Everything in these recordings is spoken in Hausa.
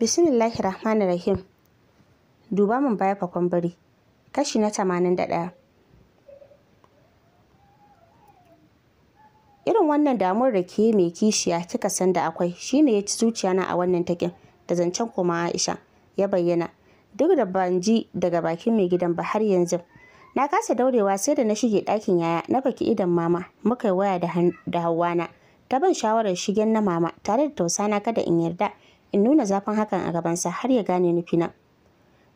Bismillahir Rahmanir Rahim. Duba min baya fakon bari. Kashi na tamanin da 81. Irin wannan damuwar da ke mai kishiya kika san da akwai shine ya ci zuciya na a wannan takin da zancen koma Aisha ya bayyana. Duk da ban ji daga bakin mai gidan ba har yanzu. Na kasa daurewa sai da na shige ɗakin yaya na baki idan mama muka yi waya da hawana ta ban shawarar shigen na mama tare da tausana kada in yarda in nuna zafin hakan a gabansa har ya gane nufina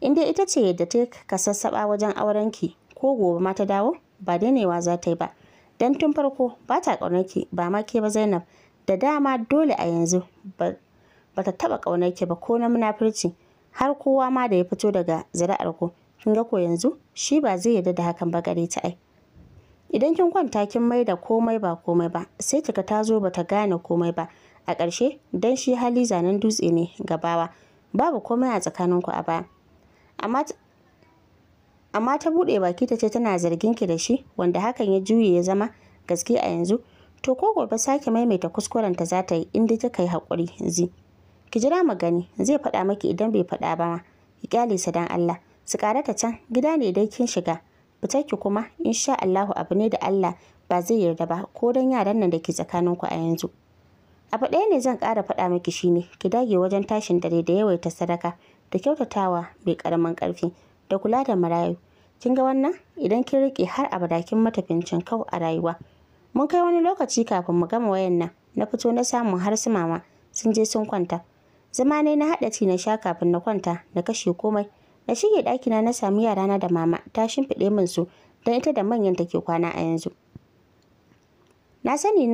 in dai ita ce yadda ta kasassaba wajen aurenki ko gobe ma ta dawo ba dainewa za ta yi ba don tun farko ba ta ƙaunarki ba ma ke ba zainab da dama dole a yanzu ba ta taɓa ƙaunarki ba ko na munafurci har kowa ma da ya fito daga zuri'ar ku kin ga ko yanzu shi ba zai yarda da hakan ba gare ta ai idan kin kwanta kin mai da komai ba komai ba sai kika ta zo bata gane komai ba a ƙarshe don shi hali zanen dutse ne gabawa babu komai a tsakaninku a baya amma ta buɗe baki ta ce tana zargin ki da shi wanda hakan ya juye ya zama gaske a yanzu to ko gobe sake maimaita kuskurenta za ta yi inda ta kai haƙuri zi ki jira magani zai faɗa maki idan bai faɗa ba ma ki kyale sa dan Allah su ta can gida ne dai kin shiga fitar ki kuma insha Allahu abu ne da Allah ba zai yarda ba ko dan yaran nan da ke tsakaninku a yanzu abu ɗaya ne zan ƙara faɗa miki shine ki dage wajen tashin dare da yawaita sadaka da kyautatawa mai ƙaramin ƙarfi da kula da marayu kin ga wannan idan kin riƙe har abada kin matafincin kau a rayuwa mun kai wani lokaci kafin mu gama wayan nan na fito na samu har su mama sun je sun kwanta zama ne na haɗa ci na sha kafin na kwanta na kashe komai na shige ɗakina na sami yarana da mama ta shimfiɗe min su don ita da manyan take kwana a yanzu na sani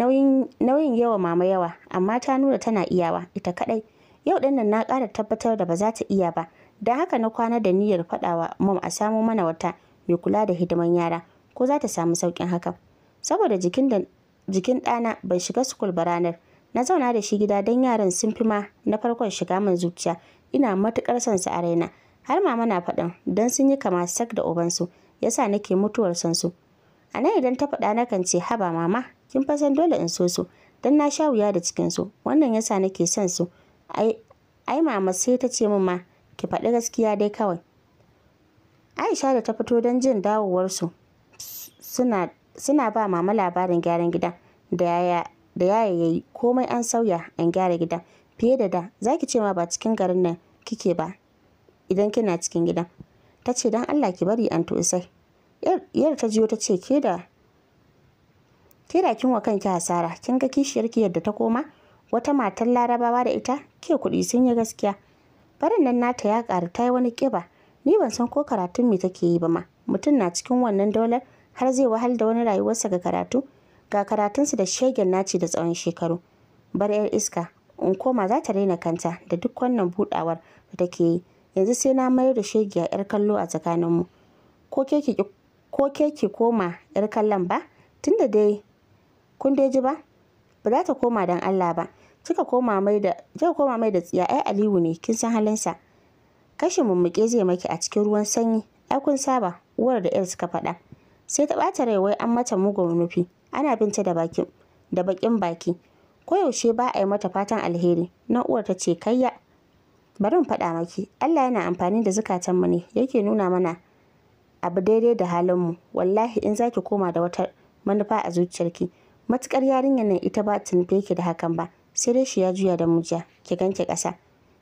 nauyin yawa mama yawa amma ta nuna tana iyawa ita kadai yau din na ƙara tabbatar da ba za ta iya ba da haka na kwana da niyyar faɗawa mom a samo mana wata mai kula da hidiman yara ko za ta samu sauƙin hakan saboda jikin da ɗana bai shiga sukul ba ranar na zauna da shi gida don yaran sun fi ma na farkon shiga min zuciya ina matuƙar son su a raina har mama na faɗin don sun yi kama sak da ubansu yasa nake mutuwar sansu. su a nan idan ta faɗa nakan ce haba mama kin fa san dole in so su dan na sha wuya da cikin su wannan yasa nake son su ai ai mama sai ta ce min ma ki faɗi gaskiya dai kawai Aisha da ta fito don jin dawowarsu suna suna ba mama labarin gyaran gida da yaya da yaya yayi komai an sauya an gyara gida fiye da da zaki ce ma ba cikin garin nan kike ba idan kina cikin gida? ta ce don Allah ki bari an to sai yar ta jiyo ta ce ke da ke da kin wa kanki hasara kin ga kishiyar ki yadda ta koma wata matar larabawa da ita ke kuɗi sun yi gaskiya barin nan nata ya ƙaru ta yi wani ƙiba ni ban san ko karatun me take yi ba ma mutum na cikin wannan daular har zai wahal da wani rayuwarsa ga karatu ga karatunsa da shegen naci da tsawon shekaru bar yar iska in koma za ta raina kanta da duk wannan buɗawar da take yi yanzu sai na mayar da shegiya yar kallo a tsakaninmu ko ke ki koma yar kallon ba tunda dai kun dai ji ba ba za ta koma don Allah ba kika koma mai da kika koma mai da tsiya ai Aliyu ne kin san halinsa kashin mummuke zai maki a cikin ruwan sanyi ai kun saba uwar da yar suka faɗa sai ta ɓata rai wai an mata mugun nufi ana binta da bakin da bakin baki koyaushe ba a yi mata fatan alheri na uwar ta ce kayya bari in faɗa maki Allah yana amfani da zukatanmu ne yake nuna mana abu daidai da halin mu. wallahi in za ki koma da wata manufa a zuciyarki matukar yarinyar nan ita ba ta da yake da hakan ba sai dai shi ya juya da mujiya ki ganke ƙasa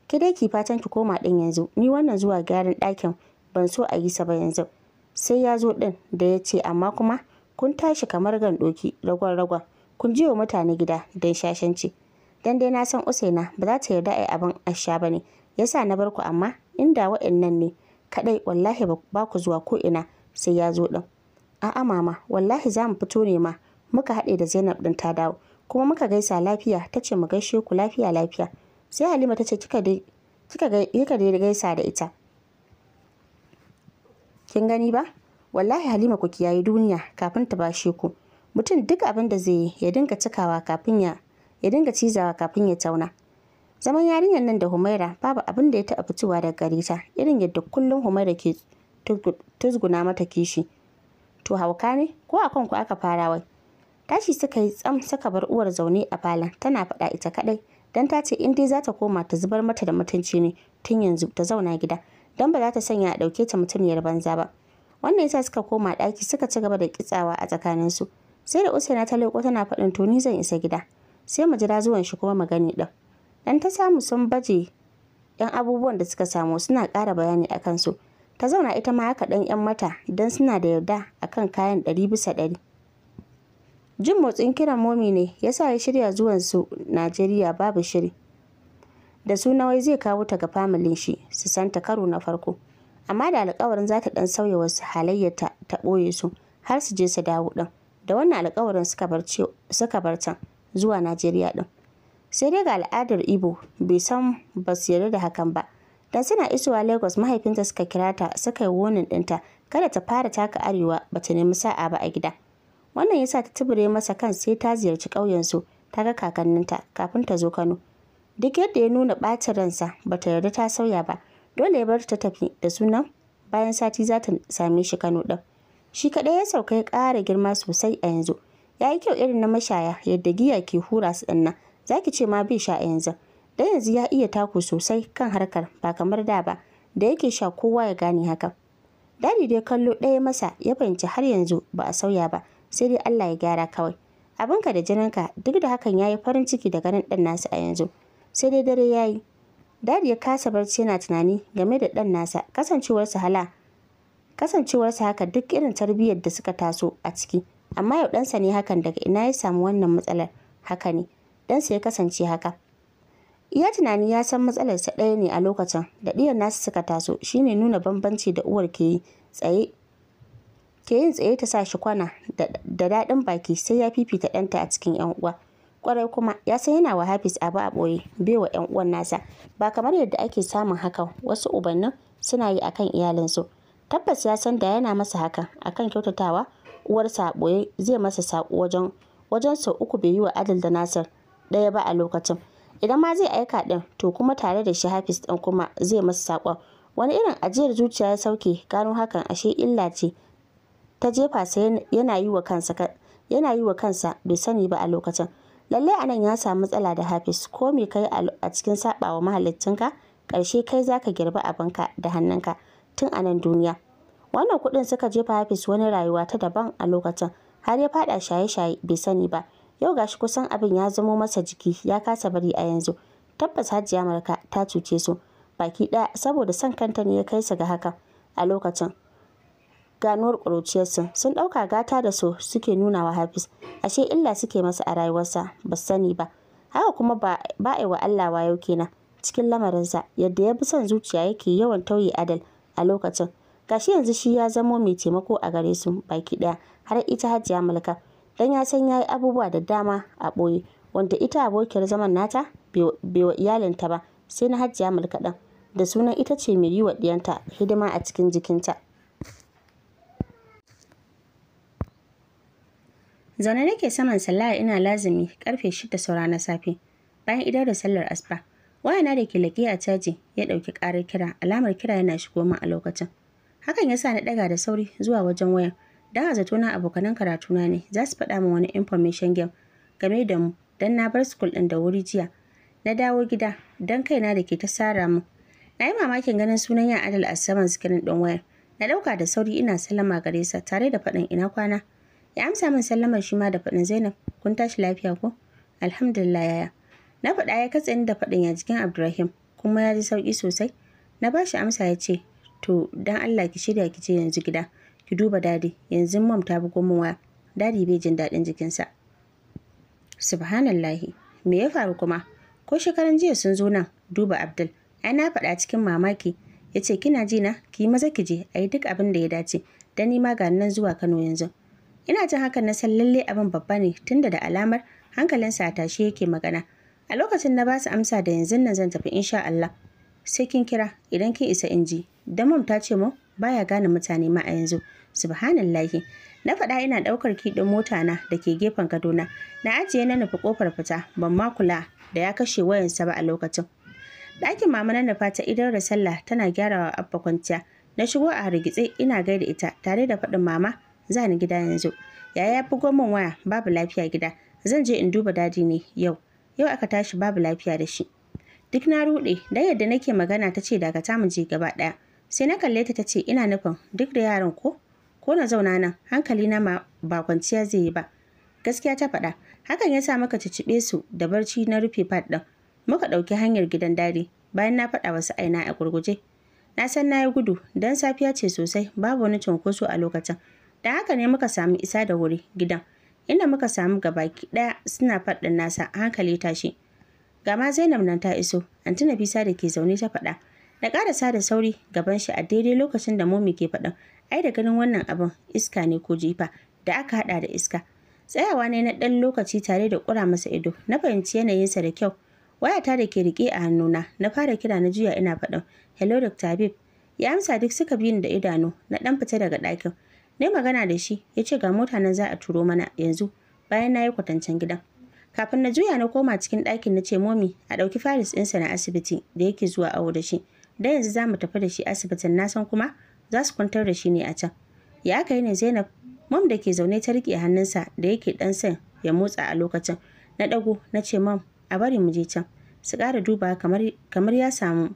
ki dai ki fatan ki koma din yanzu ni wannan zuwa garin-dakin ban so a yi sa ba yanzu sai ya zo din da ya ce amma kuma kun tashi kamar gandoki ragon ragon kun jiwa mutane gida don shashanci dan dai na san usaina ba za ta yarda a abin asha ba ne yasa na bar ku amma inda waɗannan ne kadai wallahi ba ku zuwa ko ina sai ya zo din. a'a mama wallahi za mu fito ne ma muka haɗe da zainab ɗin ta dawo kuma muka gaisa lafiya ta ce mu gaishe ku lafiya lafiya sai halima ta ce kika dai gaisa da ita kin gani ba wallahi halima ku kiyaye duniya kafin ta bashe ku mutum duk abin da zai yi ya dinga cikawa kafin ya ya dinga cizawa kafin ya tauna zaman yarinyar nan da humaira babu abin da ya taɓa fitowa daga gare ta irin yadda kullum humaira ke tuzguna mata kishi to hauka ne ko a kanku aka fara wai Tashi suka yi tsam suka bar uwar zaune a falon tana faɗa ita kaɗai. Dan ta ce in dai za ta koma ta zubar mata da mutunci ne tun yanzu ta zauna gida. Dan ba za ta sanya a ɗauke ta mutumiyar banza ba. Wannan yasa suka koma ɗaki suka ci gaba da kitsawa a tsakaninsu. Sai da Usaina ta leƙo tana faɗin to zan isa gida. Sai mu jira zuwan shi kuma magani ɗin. Dan ta samu sun baje 'yan abubuwan da suka samu suna ƙara bayani a kansu. Ta zauna ita ma haka ɗan 'yan mata don suna da yarda akan kayan ɗari bisa ɗari. jin motsin kiran momi ne ya sa ya shirya zuwan su najeriya babu shiri da suna wai zai kawo ta ga familin shi su santa karo na farko amma da alkawarin za ta dan sauya wasu halayyata ta ɓoye su har su je su dawo ɗin da wannan alkawarin suka bar can zuwa najeriya ɗin sai dai ga al'adar ibo bai san ba su yarda da hakan ba dan suna isowa lagos mahaifinta suka kira ta suka yi wonin ɗinta kada ta fara taka arewa ba ta nemi sa'a ba a gida wannan ya sa ta tubure masa kan sai ta ziyarci ƙauyensu ta ga kakanninta kafin ta zo Kano duk yadda ya nuna ɓacin ransa ta yarda ta sauya ba dole ya bar ta tafi da sunan bayan sati za ta same shi Kano ɗin shi kaɗai ya sauka ya ƙara girma sosai a yanzu ya yi kyau irin na mashaya yadda giya ke hura su ɗannan za ki ce ma bai sha a yanzu dan yanzu ya iya taku sosai kan harkar ba kamar da ba da yake sha kowa ya gane hakan dadi dai kallo ɗaya masa ya fahimci har yanzu ba a sauya ba sai dai Allah ya gyara kawai abinka da jininka duk da hakan yayi farin ciki da ganin ɗan nasa a yanzu sai dai dare yayi dadi ya kasa barci yana tunani game da ɗan nasa kasancewarsa hala kasancewarsa haka duk irin tarbiyyar da suka taso a ciki amma yau ɗansa ne hakan daga ina ya samu wannan matsalar haka ne ɗansa ya kasance haka iya tunani ya san matsalarsa ɗaya ne a lokacin da ɗiyar nasu suka taso shine nuna bambanci da uwar ke yi tsaye ke yin tsaye ta sa shi kwana da daɗin baki sai ya fifita ɗanta a cikin 'yan uwa kwarai kuma ya san yana wa hafiz abu a ɓoye bai wa 'yan uwan nasa ba kamar yadda ake samun hakan wasu ubannin suna yi akan iyalinsu tabbas ya san da yana masa hakan akan kyautatawa uwarsa a ɓoye zai masa saƙo wajen wajen sau uku bai yi wa adal da nasir ɗaya ba a lokacin idan ma zai aika ɗin to kuma tare da shi hafiz ɗin kuma zai masa saƙon wani irin ajiyar zuciya ya sauke gano hakan ashe illa ce ta jefa sa yana yi wa kansa yana yi wa kansa bai sani ba a lokacin lallai anan ya samu matsala da hafiz ko me kai a cikin sabawa ka karshe kai zaka abin abinka da hannunka tun anan duniya wannan kudin suka jefa hafiz wani rayuwa ta daban a lokacin har ya fada shaye-shaye bai sani ba yau gashi kusan abin ya zamo masa jiki ya kasa bari a yanzu tabbas hajiya marka ta cuce su baki ɗaya saboda son kanta ne ya kai su ga haka a lokacin ganuwar ƙuruciyarsu sun ɗauka gata da su suke nuna wa hafiz ashe illa suke masa a rayuwarsa ba sani ba haka kuma ba a yi wa allah wayo kenan cikin lamarinsa yadda ya bi son zuciya yake yawan tauye adal a lokacin gashi yanzu shi ya zamo mai taimako a gare su baki ɗaya har ita hajiya mulka dan ya san ya yi abubuwa da dama a ɓoye wanda ita abokiyar zaman nata bai wa iyalinta ba sai na hajiya mulka ɗan da sunan ita ce mai yi wa ɗiyanta hidima a cikin jikinta zaune nake saman sallah ina lazumi karfe shida saura na safe bayan idar da sallar asuba na da ke laƙe a caji ya ɗauki ƙarar kira alamar kira yana shigo min a lokacin hakan ya sa na ɗaga da sauri zuwa wajen wayan don a zato na abokanan karatu na ne za su faɗa min wani information game game da mu don na bar school ɗin da wuri jiya na dawo gida don kaina da ke ta sara mu na yi mamakin ganin sunan yan adal a saman sikirin ɗin wayar na ɗauka da sauri ina sallama gare sa tare da faɗin ina kwana ya amsa min sallamar shi ma da faɗin zainab kun tashi lafiya ko alhamdulillah yaya na faɗa ya katse ni da faɗin ya jikin abdurrahim kuma ya ji sauƙi sosai na ba shi amsa ya ce to dan allah ki shirya ki ce yanzu gida ki duba dadi yanzu mom ta bi waya dadi bai jin daɗin jikinsa subhanallahi me ya faru kuma ko shekaran jiya sun zo nan duba abdul ai na faɗa cikin mamaki ya ce kina ji na ki maza ki je a yi duk abin da ya dace dan ni ma ga nan zuwa kano yanzu ina jin hakan na san lalle abin babba ne tunda da alamar hankalinsa a tashi yake magana a lokacin na ba su amsa da yanzu nan zan tafi insha Allah sai kin kira idan kin isa inji dan mam ta ce mu baya gane mutane ma a yanzu subhanallahi na faɗa ina ɗaukar kiɗin mota na da ke gefen Kaduna na ajiye na nufi kofar fita ban ma kula da ya kashe wayansa ba a lokacin ɗakin mama na nufa ta idan da sallah tana gyarawa abba kwanciya na shigo a hargitse ina gaida ita tare da faɗin mama za ni gida yanzu yaya ya bugo min waya babu lafiya gida zan je in duba dadi ne yau yau aka tashi babu lafiya da shi duk na ruɗe dan yadda nake magana ta ce daga ta mu je gaba ɗaya sai na kalle ta tace ina nufin duk da yaran ko ko na zauna nan hankali na ma ba kwanciya zai yi ba gaskiya ta faɗa hakan ya sa maka cicibe su da barci na rufe fat ɗin muka ɗauki hanyar gidan dadi, bayan na faɗa wasu aina a gurguje na san na yi gudu Dan safiya ce sosai babu wani cunkoso a lokacin da haka ne muka samu isa da wuri gidan inda muka samu gabaki ɗaya suna faɗin nasa hankali tashi ga ma zainab nan ta iso anti nabisa da ke zaune ta faɗa da ƙarasa da sauri gaban shi a daidai lokacin da momi ke faɗin ai da ganin wannan abin iska ne ko jifa da aka haɗa da iska tsayawa ne na ɗan lokaci tare da ƙura masa ido na fahimci yanayinsa da kyau wayata da ke rike a hannuna na fara kira na juya ina faɗin hello dr habib ya amsa duk suka biyun da idanu na ɗan fita daga ɗakin Na yi magana da shi ya ce ga mota nan za a turo mana yanzu bayan na yi kwatancen gidan. Kafin na juya na koma cikin ɗakin na ce momi a ɗauki faris ɗinsa na asibiti da yake zuwa awo da shi. Da yanzu za mu tafi da shi asibitin na san kuma za su kwantar da shi ne a can. Ya aka yi ne Zainab mom da ke zaune ta riƙe hannunsa da yake ɗan san ya motsa a lokacin. Na ɗago na ce mom a bari mu je can. Su ƙara duba kamar ya samu.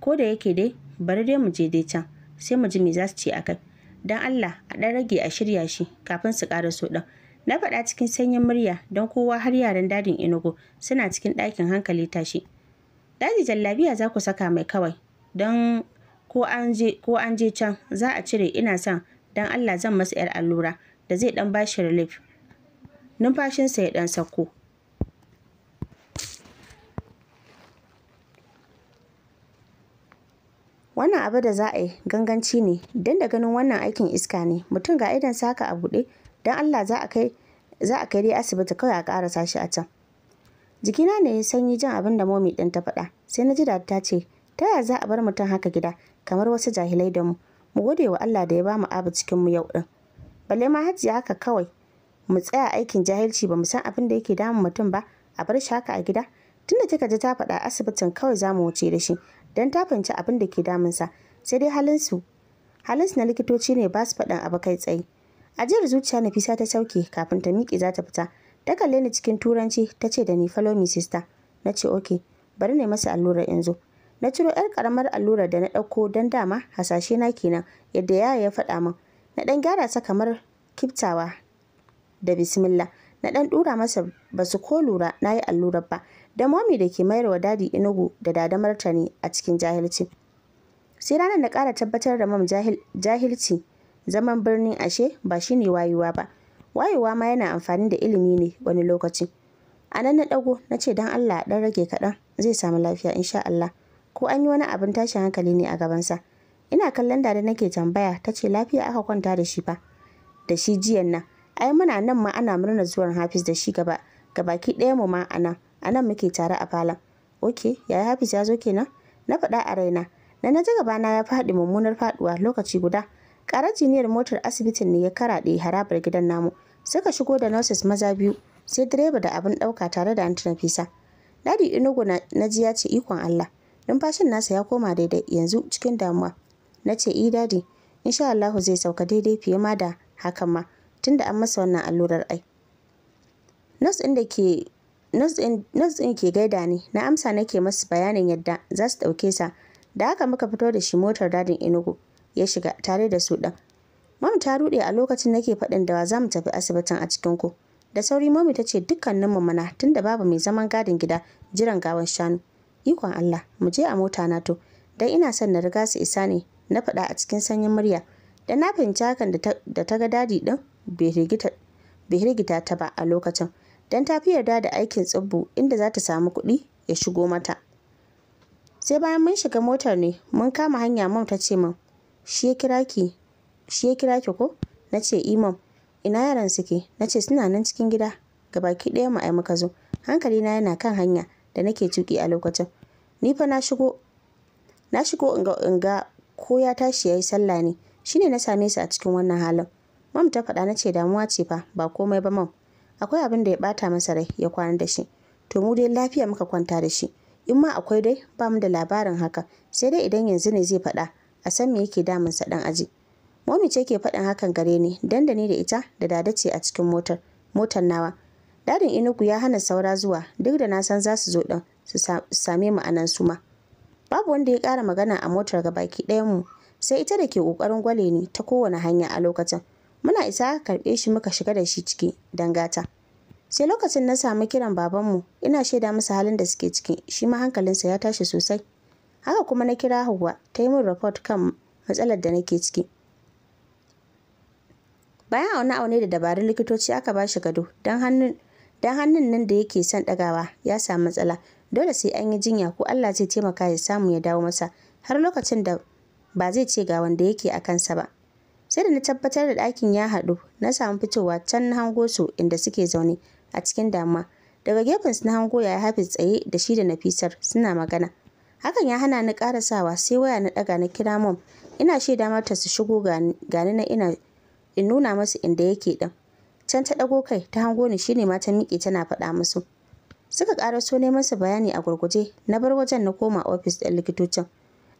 Ko da yake dai bari dai mu je dai can sai mu ji me za su ce kai. don Allah a ɗan rage a shirya shi kafin su ƙara so ɗan. Na faɗa cikin sanyin murya don kowa har yaran dadin Enugu suna cikin ɗakin hankali tashi. Daji jallabiya za ku saka mai kawai don ko an je can za a cire ina son don Allah zan masa 'yar allura da zai ɗan bashi relief. Numfashinsa ya ɗan sauko. wannan abu da za a yi ganganci ne don da ganin wannan aikin iska ne mutum ga idan saka a buɗe don allah za a kai dai asibiti kawai a ƙarasa shi a can jikina ne ya sanyi jin abin da momi ɗin ta faɗa sai na ji da ta ce ta yaya za a bar mutum haka gida kamar wasu jahilai da mu mu gode wa allah da ya ba mu abu cikin mu yau ɗin balle ma hajiya haka kawai mu tsaya aikin jahilci ba mu san abin da yake damun mutum ba a bar shi haka a gida tunda kika ji ta faɗa asibitin kawai za mu wuce da shi don ta fahimci abin da ke damunsa sai dai halinsu halinsu na likitoci ne ba su faɗin abu kai tsaye ajiyar zuciya nafisa ta sauke kafin ta miƙe za ta fita ta kalle ni cikin turanci ta ce da ni follow me sister na ce "Ok, bari ne masa allurar zo na ciro yar karamar allurar da na ɗauko don dama hasashe na kenan yadda yaya ya faɗa min na ɗan gyara sa kamar kiftawa da bismillah na ɗan ɗura masa ba su ko lura na yi allurar ba da momi da ke mayar wa dadi inugu da dada martani a cikin jahilci sai ranar da kara tabbatar da mam jahilci zaman birnin ashe ba shine wayewa ba wayewa ma yana amfani da ilimi ne wani lokaci a nan na ɗago na ce don allah ɗan rage kaɗan zai samu lafiya insha allah ko an yi wani abin tashin hankali ne a gabansa ina kallon da nake tambaya ta ce lafiya aka kwanta da shi fa da shi jiyan nan ai muna nan ma ana murnar zuwan hafiz da shi gaba gabaki ɗaya mu ma a nan a nan muke tare a falon ok yaya hafiz ya zo kenan na faɗa a raina na na ji gabana ya faɗi mummunar faɗuwa lokaci guda ƙarar jiniyar motar asibitin ne ya karaɗe harabar gidan namu suka shigo da nurses maza biyu sai direba da abin ɗauka tare da antina fisa dadi inugu na ji ya ce ikon allah numfashin nasa ya koma daidai yanzu cikin damuwa na ce i eh, dadi insha allahu zai sauka daidai fiye ma da hakan ma tunda an masa wannan allurar ai nas ɗin da ke Nos ɗin ke gaida ne na amsa nake masu bayanin yadda za su ɗauke sa. Da haka muka fito da shi motar dadin inugu ya shiga tare da su ɗan. mami ta ruɗe a lokacin nake faɗin da za mu tafi asibitin a cikin ku. Da sauri mami ta ce mu mana tunda babu mai zaman gadin gida jiran gawan shanu. Ikon Allah, mu je a mota na to, dan ina son na riga su isa ne, na faɗa a cikin sanyin murya. Da na fahimci hakan da ta ga dadi ɗin bai rigita ta ba a lokacin. don ta fi yarda da aikin tsibbu inda za ta samu kuɗi ya shigo mata sai bayan mun shiga motar ne mun kama hanya mam ta ce min shi ya kira ki ko na ce imam eh, ina yaran suke na ce suna nan cikin gida ga baki ɗaya mu ai muka zo hankali na yana kan hanya da nake tuki a lokacin ni fa na shigo na shigo in ga in ga ko ya tashi yayi sallah ne shine na same su a cikin wannan halin mam ta faɗa na ce damuwa ce fa ba komai ba mam akwai abin da ya bata masa rai ya kwana da shi to mu dai lafiya muka kwanta da shi in ma akwai dai ba mu da labarin haka sai dai idan yanzu ne zai faɗa a san me yake damun sa dan aji momi ce ke faɗin hakan gare ni dan da ita da dada ce a cikin motar motar nawa dadin inugu ya hana saura zuwa duk da na san za su zo din su same mu anan su ma babu wanda ya ƙara magana a motar ga baki ɗayan mu sai ita da ke ƙoƙarin gwale ni ta kowane hanya a lokacin muna isa karɓe shi muka shiga da shi ciki dangata sai lokacin na samu kiran babanmu ina shaida masa halin da suke ciki shi ma hankalinsa ya tashi sosai haka kuma na kira hawa ta yi min report kan matsalar da nake ciki bayan aune aune da dabarun likitoci aka ba shi gado don hannun nan da yake son ɗagawa ya samu matsala dole sai an yi jinya ko Allah zai taimaka ya samu ya dawo masa har lokacin da ba zai ce ga wanda yake a kansa ba sai da na tabbatar da ɗakin ya haɗu na samu fitowa can na hango su inda suke zaune a cikin damuwa daga gefen su na hango ya hafiz tsaye da shi da nafisar suna magana hakan ya hana ni karasawa sai waya na ɗaga na kira mom ina shaida mata su shigo gani na ina in nuna masu inda yake ɗin can ta ɗago kai ta hango ni shine ma ta miƙe tana faɗa musu suka ƙaraso neman su bayani a gurguje na bar wajen na koma ofis ɗin likitocin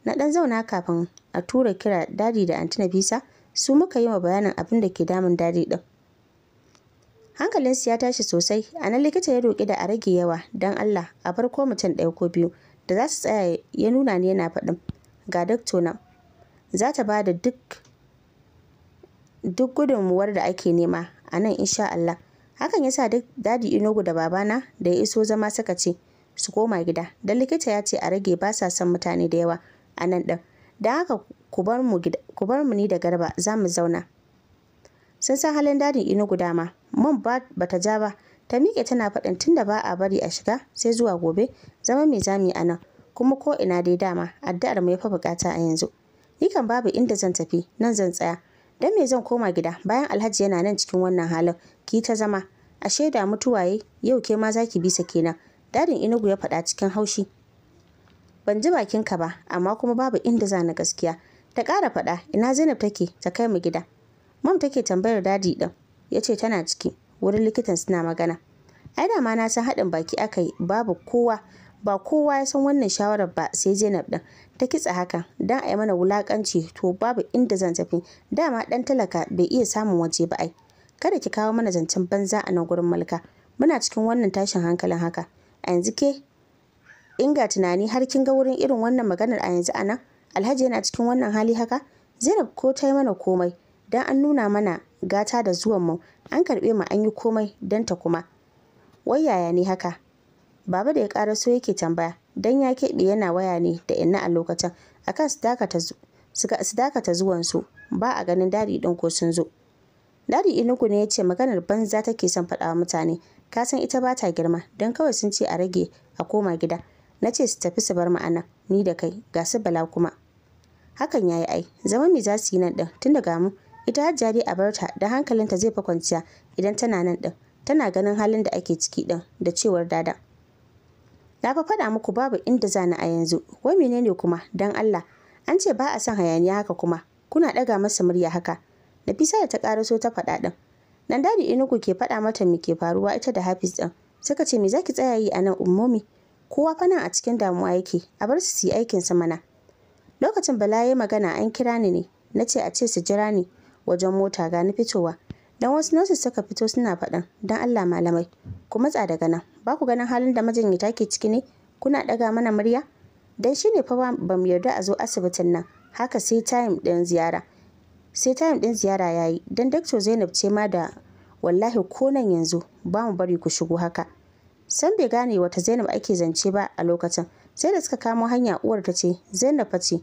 na ɗan zauna kafin a tura kira dadi da antina bisa su muka yi wa bayanin abin da ke damun dadi din hankalinsu ya tashi sosai a nan likita ya roƙi da a rage yawa don allah a bar ko mutum ɗaya ko biyu da za su tsaya ya nuna ni yana faɗin ga dakto nan za ta ba da duk duk gudunmuwar da ake nema a nan insha allah hakan ya sa duk dadi inugu da babana da ya iso zama suka ce su koma gida don likita ya ce a rage ba sa son mutane da yawa a nan ɗin don haka ku bar mu ni da garba za mu zauna sun san halin dadin Inugu dama. Man ba ta ja ba ta miƙe tana faɗin tun da ba a bari a shiga sai zuwa gobe zama mai zami a nan kuma ko ina dai dama addu'ar mu ya fi bukata a yanzu ni kan babu inda zan tafi nan zan tsaya dan me zan koma gida bayan alhaji yana nan cikin wannan halin ki ta zama a shaida mutuwaye yau ke ma zaki bi sa kenan dadin inugu ya faɗa cikin haushi ban ji bakinka ba amma kuma babu inda za na gaskiya ta ƙara faɗa ina zainab take ta kai mu gida mam take tambayar dadi ɗin ya ce tana ciki wurin likitan suna magana ai da ma na san haɗin baki aka yi babu kowa ba kowa ya san wannan shawarar ba sai zainab ɗin ta kitsa haka don a yi mana wulaƙanci to babu inda zan tafi dama ɗan talaka bai iya samun waje ba ai kada ki kawo mana zancen banza a nan gurin malka muna cikin wannan tashin hankalin haka a yanzu ke inga tunani har kin ga wurin irin wannan maganar a yanzu a nan alhaji yana cikin wannan hali haka zainab ko ta yi mana komai don an nuna mana gata da zuwan mu an karɓe mu an yi komai don ta kuma wai yaya ne haka baba da ya ƙara so yake tambaya don ya keɓe yana waya ne da inna a lokacin akan su dakata su ba a ganin dadi din ko sun zo dadi inugu ne ya ce maganar banza take son faɗawa mutane ka san ita ba ta girma don kawai sun ce a rage a koma gida na ce su tafi su bar ma'ana ni da kai ga su bala kuma hakan yayi ai zaman me za su yi nan din tun daga mu ita har jari a barta da hankalinta zai fa kwanciya idan tana nan din tana ganin halin da ake ciki din da cewar dada na fa faɗa muku babu inda za ni a yanzu wai menene kuma dan Allah an ce ba a son hayaniya haka kuma kuna ɗaga masa murya haka Nafisa da ta ƙaraso ta faɗa ɗin nan dadi inuku ke faɗa mata me ke faruwa ita da Hafiz ɗin suka ce me zaki tsaya yi a nan ummomi kowa fa nan a cikin damuwa yake a bar su su yi aikinsa mana lokacin bala ya magana an kira ni ne na ce a ce su jira ni wajen mota ga ni fitowa dan wasu nasu suka fito suna faɗan dan Allah malamai ku matsa daga nan ba ku ganin halin da majinyata ke ciki ne kuna ɗaga mana murya dan shine fa ba mu yarda a zo asibitin nan haka sai time ɗin ziyara sai time ɗin ziyara yayi dan dakto Zainab ce ma da wallahi ko nan yanzu ba mu bari ku shigo haka san bai gane wata Zainab ake zance ba a lokacin sai da suka kamo hanya uwar ta ce Zainab fa ce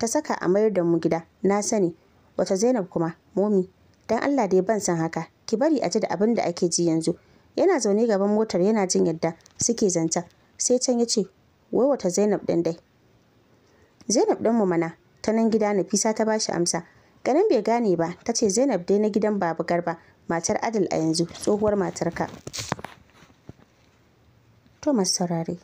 ta saka a mayar da mu gida na sani wata zainab kuma momi dan allah dai ban san haka ki bari a ji da abin da ake ji yanzu yana zaune gaban motar yana jin yadda suke zanta sai can ya ce wai wata zainab din dai zainab din mu mana ta nan gida nafisa ta bashi amsa ganin bai gane ba ta ce zainab dai na gidan babu garba matar adal a yanzu tsohuwar matarka to masu